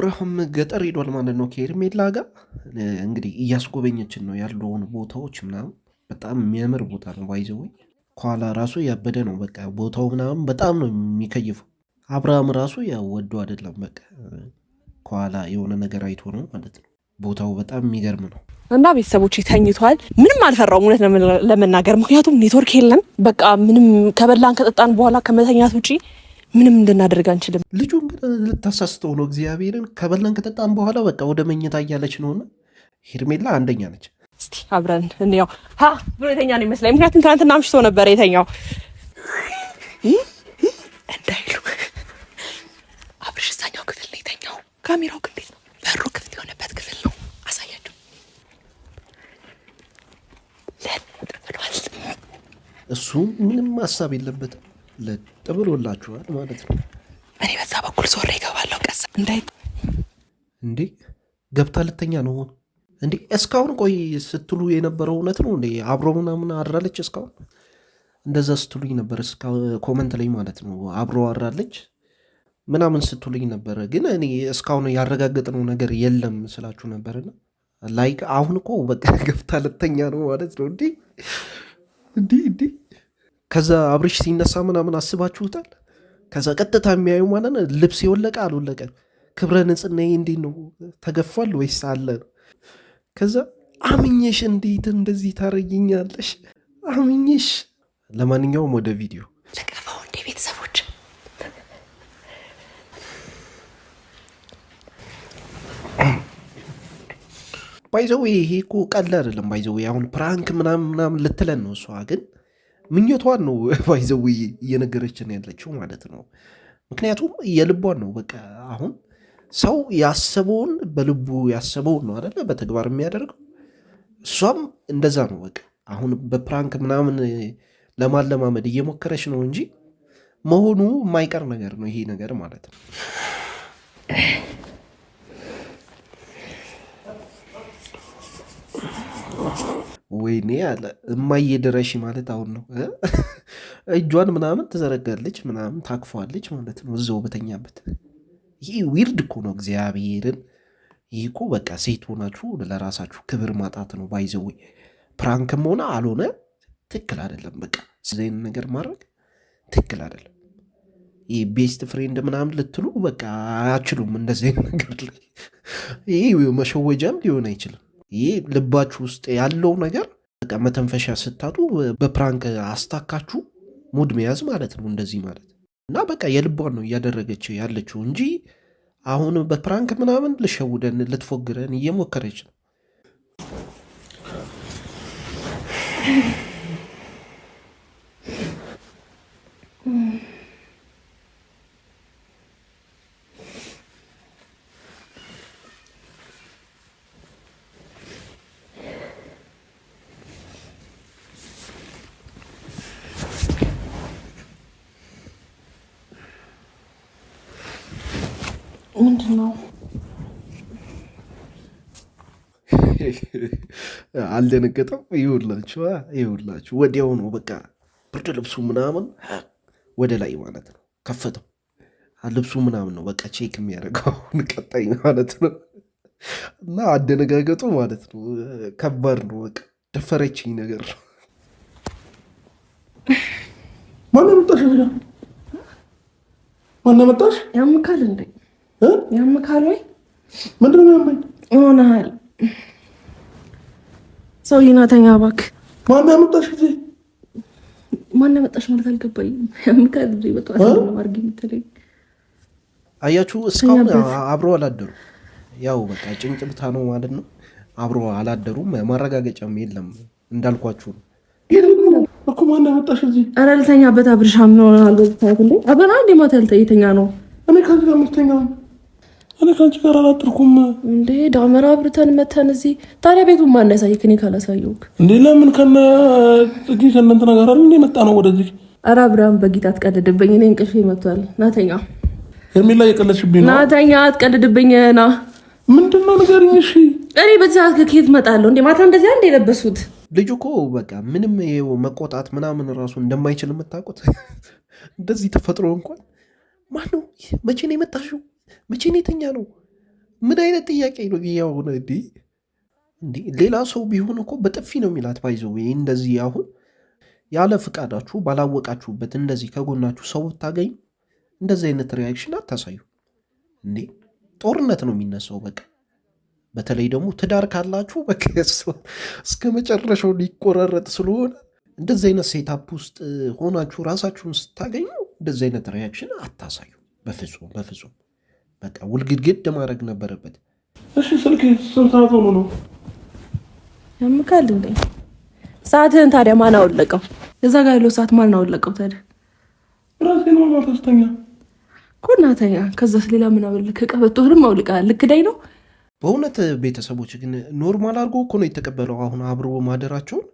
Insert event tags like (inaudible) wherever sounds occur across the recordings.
አብርሃም ገጠር ሄዷል ማለት ነው ከሄርሜላ ጋር እንግዲህ እያስጎበኘችን ነው ያለውን ቦታዎች ምናምን በጣም የሚያምር ቦታ ነው ወይ ከኋላ ራሱ ያበደ ነው በቃ ቦታው ምናምን በጣም ነው የሚከይፈው አብርሃም ራሱ ያው ወዶ አይደለም በቃ ከኋላ የሆነ ነገር አይቶ ነው ማለት ነው ቦታው በጣም የሚገርም ነው እና ቤተሰቦች ተኝተዋል። ምንም አልፈራውም እውነት ለመናገር ምክንያቱም ኔትወርክ የለም። በቃ ምንም ከበላን ከጠጣን በኋላ ከመተኛት ውጪ ምንም እንድናደርግ አንችልም። ልጁን ግን ልታሳስተው ነው እግዚአብሔርን። ከበላን ከጠጣም በኋላ በቃ ወደ መኝታ እያለች ነውና ሄርሜላ አንደኛ ነች። እስቲ አብረን እንያው። ብሎ የተኛ ነው ይመስላል። ምክንያቱም ትናንትና አምሽቶ ነበር የተኛው እንዳይሉ አብርሽ እዛኛው ክፍል ነው የተኛው። ካሜራው እንዴት ነው? በሩ ክፍት የሆነበት ክፍል ነው። አሳያቸው። እሱ ምንም ሀሳብ የለበትም። ለጥ ብሎላችኋል ማለት ነው። እኔ በዛ በኩል ዞሬ እገባለሁ። ቀስ እንዳይ እንዴ ገብታ ልተኛ ነው እንዴ? እስካሁን ቆይ ስትሉ የነበረው እውነት ነው እንዴ? አብሮ ምናምን አድራለች እስካሁን እንደዛ ስትሉኝ ነበር። ኮመንት ላይ ማለት ነው አብሮ አድራለች ምናምን ስትሉኝ ነበረ። ግን እኔ እስካሁን ያረጋገጥነው ነገር የለም ስላችሁ ነበርና ላይክ አሁን እኮ በቃ ገብታ ልተኛ ነው ማለት ነው። እንዲህ እንዲህ እንዲህ ከዛ አብርሽ ሲነሳ ምናምን አስባችሁታል? ከዛ ቀጥታ የሚያዩ ማለት ልብስ የወለቀ አልወለቀ ክብረ ንጽህናዬ እንዴት ነው ተገፏል ወይስ አለ ከዛ አምኜሽ እንዴት እንደዚህ ታረጊኛለሽ? አምኜሽ። ለማንኛውም ወደ ቪዲዮ ልቀፋው እንዴ ቤተሰቦች ባይዘዌ ይሄ እኮ ቀላል አይደለም። ባይዘዌ አሁን ፕራንክ ምናምን ምናምን ልትለን ነው እሷ ግን ምኞቷን ነው ባይዘዊ (laughs) እየነገረችን ያለችው ማለት ነው። ምክንያቱም የልቧን ነው በቃ አሁን ሰው ያሰበውን በልቡ ያሰበውን ነው አይደለ በተግባር የሚያደርገው። እሷም እንደዛ ነው በቃ አሁን በፕራንክ ምናምን ለማለማመድ እየሞከረች ነው እንጂ መሆኑ የማይቀር ነገር ነው ይሄ ነገር ማለት ነው። ወይኔ አለ እማዬ ድረሺ ማለት አሁን ነው። እጇን ምናምን ትዘረጋለች ምናምን ታክፏለች ማለት ነው እዛው በተኛበት። ይህ ዊርድ እኮ ነው እግዚአብሔርን። ይህ እኮ በቃ ሴት ሆናችሁ ለራሳችሁ ክብር ማጣት ነው። ባይዘዌ ፕራንክም ሆነ አልሆነ ትክክል አይደለም። በቃ ስለዚህ ነገር ማድረግ ትክክል አይደለም። ይህ ቤስት ፍሬንድ ምናምን ልትሉ በቃ አችሉም። እንደዚህ ነገር ላይ ይህ መሸወጃም ሊሆን አይችልም። ይህ ልባችሁ ውስጥ ያለው ነገር በቃ መተንፈሻ ስታጡ በፕራንክ አስታካችሁ ሙድ መያዝ ማለት ነው። እንደዚህ ማለት እና በቃ የልቧን ነው እያደረገችው ያለችው እንጂ አሁን በፕራንክ ምናምን ልሸውደን ልትፎግረን እየሞከረች ነው። ምንድን ነው አልደነገጠም? ይውላችሁ ይውላችሁ፣ ወዲያው ነው በቃ ብርድ ልብሱ ምናምን ወደ ላይ ማለት ነው ከፈተው ልብሱ ምናምን ነው በቃ ቼክ የሚያደርገው ቀጣይ ማለት ነው። እና አደነጋገጡ ማለት ነው ከባድ ነው። በቃ ደፈረችኝ ነገር ነው። ማነው መጣሽ? ማነው መጣሽ? ያምካል እንደ ያምካል ወይ ምንድን ነው ያመኝ? ሆነሃል ሰው ይናተኛ እባክህ። ማነው ያመጣሽ? ጊዜ ያመጣሽ ማለት አልገባኝም። አያችሁ። እስካሁን አብሮ አላደሩም። ያው በቃ ነው ማለት ነው። አብሮ አላደሩም። ማረጋገጫም የለም እንዳልኳችሁ ነው እኮ ማን ያመጣሽ እዚህ? ኧረ ልተኛበት አብርሻም ነው እንዴ እንዴ ማታ ነው እኔ ከዚህ ጋር ነው እኔ ከአንቺ ጋር አላጥርኩም እንዴ? ዳመራ አብርተን መተን እዚህ ታዲያ ቤቱን ማን ያሳይክ? እኔ ካላሳየሁክ እንዴ? ለምን ከነ ጽጌ ከነ እንትና ጋር አይደል የመጣ ነው ወደዚህ? ኧረ አብርሃም በጌታ አትቀልድብኝ። እኔ እንቅልፌ መቷል። ናተኛ ሄርሜላ እየቀለድሽብኝ ነው። ናተኛ አትቀልድብኝ። ና ምንድን ነው ንገሪኝ። እሺ እኔ በዚህ ሰዓት ከኬት እመጣለሁ እንዴ? ማታ እንደዚያ እንዴ የለበሱት ልጁ እኮ በቃ ምንም ይኸው መቆጣት ምናምን ራሱ እንደማይችል የምታውቁት (laughs) እንደዚህ ተፈጥሮ እንኳን ማነው መቼ ነው የመጣሽው መቼ የተኛ ነው? ምን አይነት ጥያቄ ነው? ያሆነ? ሌላ ሰው ቢሆን እኮ በጥፊ ነው የሚላት። ባይዘው እንደዚህ አሁን ያለ ፍቃዳችሁ ባላወቃችሁበት እንደዚህ ከጎናችሁ ሰው ብታገኝ እንደዚህ አይነት ሪያክሽን አታሳዩ እንዴ! ጦርነት ነው የሚነሳው። በቃ በተለይ ደግሞ ትዳር ካላችሁ በቃ እስከ መጨረሻው ሊቆራረጥ ስለሆነ እንደዚህ አይነት ሴታፕ ውስጥ ሆናችሁ ራሳችሁን ስታገኙ እንደዚህ አይነት ሪያክሽን አታሳዩ። በፍጹም በፍጹም። በቃ ውልግድግድ ማድረግ ነበረበት። እሺ ስልክ ስንት ሰዓት ሆኖ ነው ያምካል እንዴ? ሰዓትህን ታዲያ ማን አወለቀው? እዛ ጋር ያለው ሰዓት ማን አወለቀው? ታዲያ ራሴ ነው ማታስተኛ ኮናተኛ ከዛ ስሌላ ምን አወልክ? ቀበቶህንም አውልቀሃል። ልክ ዳይ ነው በእውነት ቤተሰቦች ግን ኖርማል አድርጎ እኮ ነው የተቀበለው። አሁን አብሮ ማደራቸውን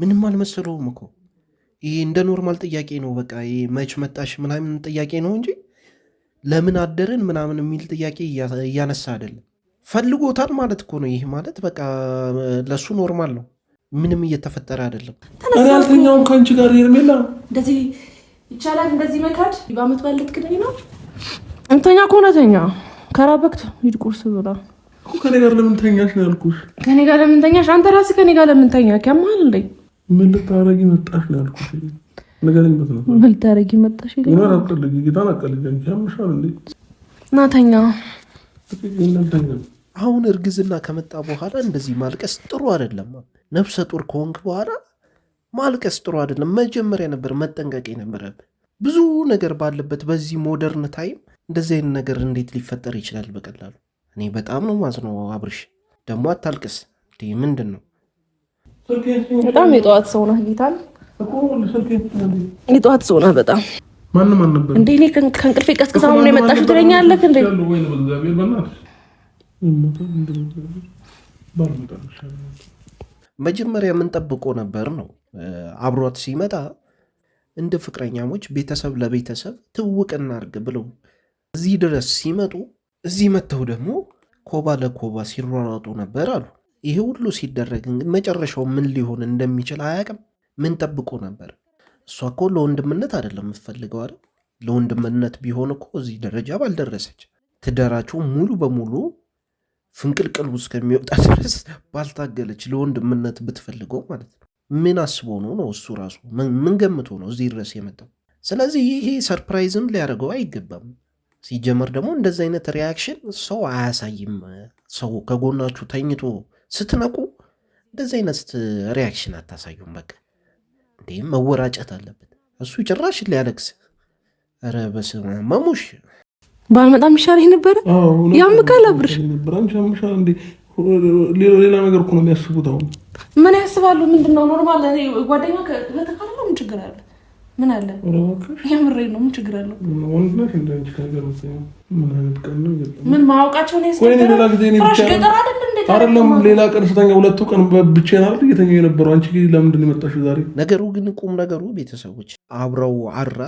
ምንም አልመሰለውም እኮ ይሄ እንደ ኖርማል ጥያቄ ነው። በቃ ይሄ መች መጣሽ ምናምን ጥያቄ ነው እንጂ ለምን አደርን ምናምን የሚል ጥያቄ እያነሳ አይደለም። ፈልጎታል ማለት እኮ ነው። ይህ ማለት በቃ ለእሱ ኖርማል ነው። ምንም እየተፈጠረ አይደለም። ያልተኛውም ከአንቺ ጋር ሄርሜላ እንደዚህ ይቻላል። እንደዚህ መካድ በአመት ባለት ክደኝ ነው እንተኛ ከሆነተኛ ከራበክት ሂድ ቁርስ ብላ ከኔ ጋር ለምንተኛሽ ነው ያልኩሽ። ከኔ ጋር ለምንተኛሽ አንተ ራስህ ከኔ ጋር ለምንተኛ ከማል እንዴ ምን ልታረጊ መጣሽ ነው ያልኩሽ። ንገረኝበት ነው። ምን ልታደርጊ መጣሽ? አትፈልጊ ጌታን ያምሻል እንዴ ናተኛ አሁን እርግዝና ከመጣ በኋላ እንደዚህ ማልቀስ ጥሩ አይደለም። ነፍሰ ጡር ከሆንክ በኋላ ማልቀስ ጥሩ አይደለም። መጀመሪያ ነበር መጠንቀቅ ነበረ ብዙ ነገር ባለበት በዚህ ሞደርን ታይም እንደዚህ አይነት ነገር እንዴት ሊፈጠር ይችላል በቀላሉ? እኔ በጣም ነው ማዝነው። አብርሽ ደግሞ አታልቅስ። ምንድን ነው በጣም የጠዋት ሰው ነህ ጌታን የጠዋት ሰው ናት በጣም እንደ እኔ ከእንቅልፌ ቀስቅሳ ሆነ የመጣሽ ትለኛለህ እንዴ? መጀመሪያ ምን ጠብቆ ነበር ነው አብሯት ሲመጣ እንደ ፍቅረኛሞች ቤተሰብ ለቤተሰብ ትውቅ እናድርግ ብለው እዚህ ድረስ ሲመጡ እዚህ መጥተው ደግሞ ኮባ ለኮባ ሲሯሯጡ ነበር አሉ። ይሄ ሁሉ ሲደረግ መጨረሻው ምን ሊሆን እንደሚችል አያውቅም። ምን ጠብቆ ነበር? እሷ እኮ ለወንድምነት አይደለም የምትፈልገው አይደል? ለወንድምነት ቢሆን እኮ እዚህ ደረጃ ባልደረሰች። ትዳራቸው ሙሉ በሙሉ ፍንቅልቅል እስከሚወጣ (laughs) ድረስ ባልታገለች። ለወንድምነት ብትፈልገው ማለት ነው። ምን አስቦ ነው ነው እሱ ራሱ ምን ገምቶ ነው እዚህ ድረስ የመጣው? ስለዚህ ይሄ ሰርፕራይዝም ሊያደርገው አይገባም። ሲጀመር ደግሞ እንደዚህ አይነት ሪያክሽን ሰው አያሳይም። ሰው ከጎናችሁ ተኝቶ ስትነቁ እንደዚህ አይነት ሪያክሽን አታሳዩም። በቃ እንዲህም መወራጨት አለበት። እሱ ጭራሽ ሊያለቅስ ኧረ በስመ አብ ማሙሽ ባልመጣም ይሻል ነበረ። ያምካል አብርሽ ሌላ ነገር እኮ ነው የሚያስቡት። አሁን ምን ያስባሉ? ምንድን ነው ኖርማል ጓደኛ ከተካለ ምን ችግር አለ? ምን አለ የምሬ ነው። ምን ችግር አለው? ምን ማወቃቸው አይደለም። ሌላ ቀን ስተኛ ሁለቱ ቀን ብቻዬን አይደል እየተኛ የነበረው አንቺ ለምንድን ነው የመጣሽው ዛሬ? ነገሩ ግን ቁም ነገሩ ቤተሰቦች አብረው አራ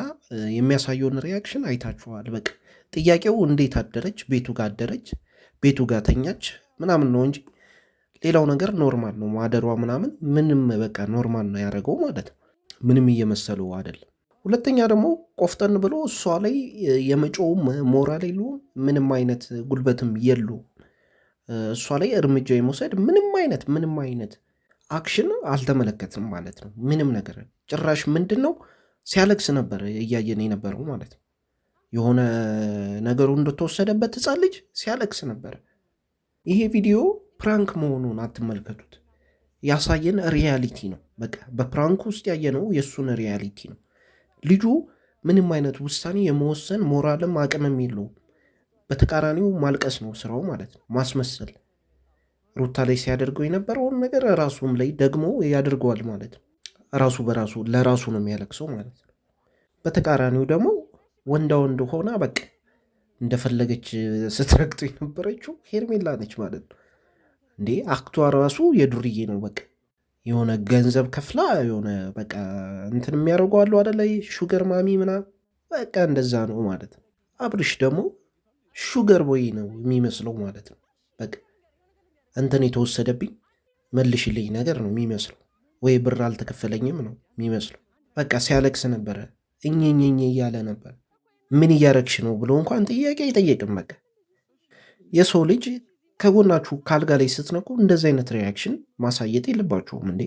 የሚያሳየውን ሪያክሽን አይታችኋል። በቃ ጥያቄው እንዴት አደረች፣ ቤቱ ጋር አደረች፣ ቤቱ ጋር ተኛች ምናምን ነው እንጂ ሌላው ነገር ኖርማል ነው። ማደሯ ምናምን ምንም በቃ ኖርማል ነው ያደረገው ማለት ነው። ምንም እየመሰሉ አይደለም። ሁለተኛ ደግሞ ቆፍጠን ብሎ እሷ ላይ የመጮውም ሞራል የለውም። ምንም አይነት ጉልበትም የሉ እሷ ላይ እርምጃ የመውሰድ ምንም አይነት ምንም አይነት አክሽን አልተመለከትም ማለት ነው። ምንም ነገር ጭራሽ ምንድን ነው ሲያለቅስ ነበር እያየን የነበረው ማለት ነው። የሆነ ነገሩ እንደተወሰደበት ህፃን ልጅ ሲያለቅስ ነበር። ይሄ ቪዲዮ ፕራንክ መሆኑን አትመልከቱት። ያሳየን ሪያሊቲ ነው። በቃ በፕራንክ ውስጥ ያየነው የእሱን ሪያሊቲ ነው። ልጁ ምንም አይነት ውሳኔ የመወሰን ሞራልም አቅምም የለውም። በተቃራኒው ማልቀስ ነው ስራው ማለት ነው፣ ማስመሰል። ሩታ ላይ ሲያደርገው የነበረውን ነገር ራሱም ላይ ደግሞ ያደርገዋል ማለት ነው። ራሱ በራሱ ለራሱ ነው የሚያለቅሰው ማለት ነው። በተቃራኒው ደግሞ ወንዳ ወንድ ሆና በቃ እንደፈለገች ስትረግጠው የነበረችው ሄርሜላ ነች ማለት ነው። እንዴ አክቷ ራሱ የዱርዬ ነው። በቃ የሆነ ገንዘብ ከፍላ የሆነ በቃ እንትን የሚያደርገዋሉ አሉ አደለ? ሹገር ማሚ ምናምን በቃ እንደዛ ነው ማለት ነው። አብርሽ ደግሞ ሹገር ቦይ ነው የሚመስለው ማለት ነው። በቃ እንትን የተወሰደብኝ መልሽልኝ ነገር ነው የሚመስለው፣ ወይ ብር አልተከፈለኝም ነው የሚመስለው። በቃ ሲያለቅስ ነበረ፣ እኝኝኝ እያለ ነበር። ምን እያረግሽ ነው ብሎ እንኳን ጥያቄ አይጠየቅም። በቃ የሰው ልጅ ከጎናችሁ ካልጋ ላይ ስትነቁ እንደዚህ አይነት ሪያክሽን ማሳየት የለባችሁም እንዴ።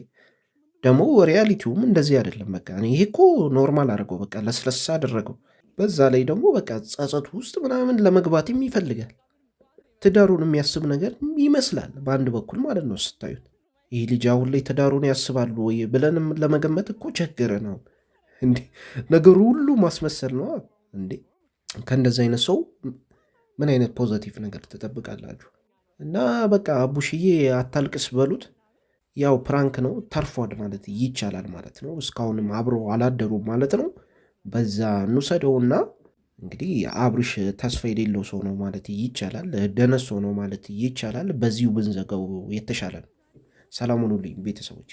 ደግሞ ሪያሊቲውም እንደዚህ አይደለም። በቃ ይሄ እኮ ኖርማል አድርገው በቃ ለስለስ አደረገው። በዛ ላይ ደግሞ በቃ ጸጸቱ ውስጥ ምናምን ለመግባትም ይፈልጋል። ትዳሩን የሚያስብ ነገር ይመስላል በአንድ በኩል ማለት ነው ስታዩት። ይህ ልጅ አሁን ላይ ትዳሩን ያስባሉ ወይ ብለንም ለመገመት እኮ ቸገረ ነው እንዴ። ነገሩ ሁሉ ማስመሰል ነው እንዴ። ከእንደዚህ አይነት ሰው ምን አይነት ፖዘቲቭ ነገር ትጠብቃላችሁ? እና በቃ አቡሽዬ አታልቅስ በሉት። ያው ፕራንክ ነው ተርፏል ማለት ይቻላል ማለት ነው። እስካሁንም አብሮ አላደሩም ማለት ነው። በዛ እንውሰደውና እንግዲህ አብርሽ ተስፋ የሌለው ሰው ነው ማለት ይቻላል። ደነስ ሰው ነው ማለት ይቻላል። በዚሁ ብንዘጋው የተሻለ ነው። ሰላም ሁኑልኝ ቤተሰቦች።